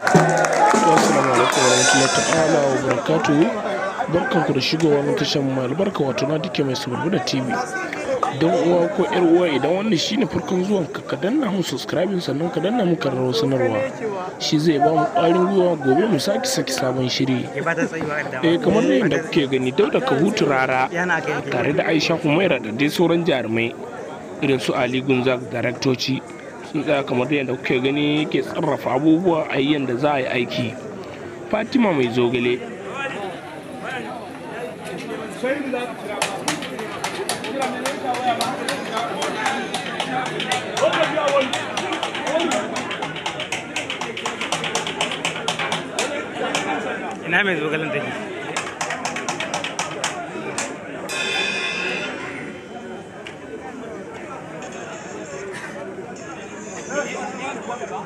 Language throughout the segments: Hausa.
Assalamu alaikum warahmatullahi ta'ala wa barakatuhu. Barkanku da shigowa mun tashar mu albarka wato na dike mai suburbu da TV. Dan uwa ko yar uwa idan wannan shine farkon zuwan ka ka danna mu subscribing sannan ka danna mu karrar sanarwa. Shi zai ba mu ƙwarin gwiwa gobe mu saki saki sabon shiri. Eh kamar da kuke gani Dauda ka hutu rara tare da Aisha Humaira da dai sauran jarumai irin su Ali Gunzak daraktoci. tsaya kamar yadda kuke gani ke sarrafa abubuwa a yadda za a yi aiki fatima mai zogale ina mai zogalen take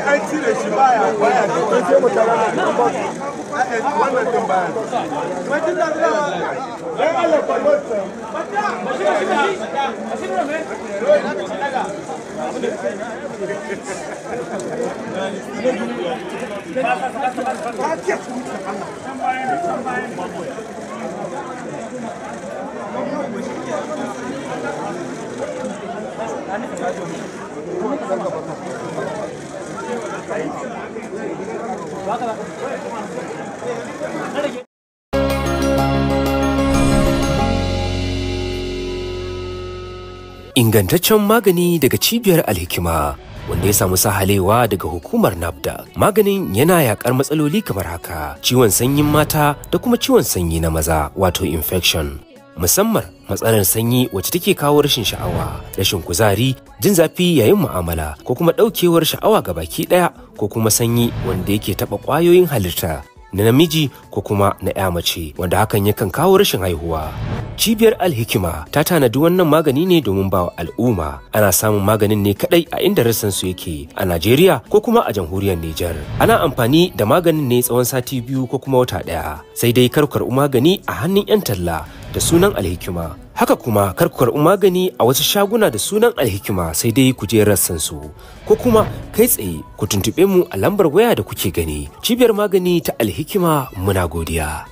ai an cire shi baya da ba eh, eh, wannan din Thank you. Ingantaccen magani daga cibiyar alhikima wanda ya samu sahalewa daga hukumar nabda, Maganin yana yakar matsaloli kamar haka, ciwon sanyin mata da kuma ciwon sanyi na maza wato infection. musamman matsalar sanyi wacce take kawo rashin sha'awa rashin kuzari jin zafi yayin mu'amala ko kuma ɗaukewar sha'awa ga baki ɗaya ko kuma sanyi wanda yake taɓa ƙwayoyin halitta na namiji ko kuma na ya mace wanda hakan yakan kawo rashin haihuwa cibiyar alhikima ta tanadi wannan magani ne domin ba al'umma ana samun maganin ne kadai a inda rassan su yake a najeriya ko kuma a jamhuriyar Nijar. ana amfani da maganin ne tsawon sati biyu ko kuma wata ɗaya. sai dai kar karɓi magani a hannun yan talla da sunan alhikima haka kuma kar ku karɓi magani a wasu shaguna da sunan alhikima sai dai ku je rassan su ko kuma kai tsaye ku tuntuɓe mu a lambar waya da kuke gani cibiyar magani ta alhikima muna godiya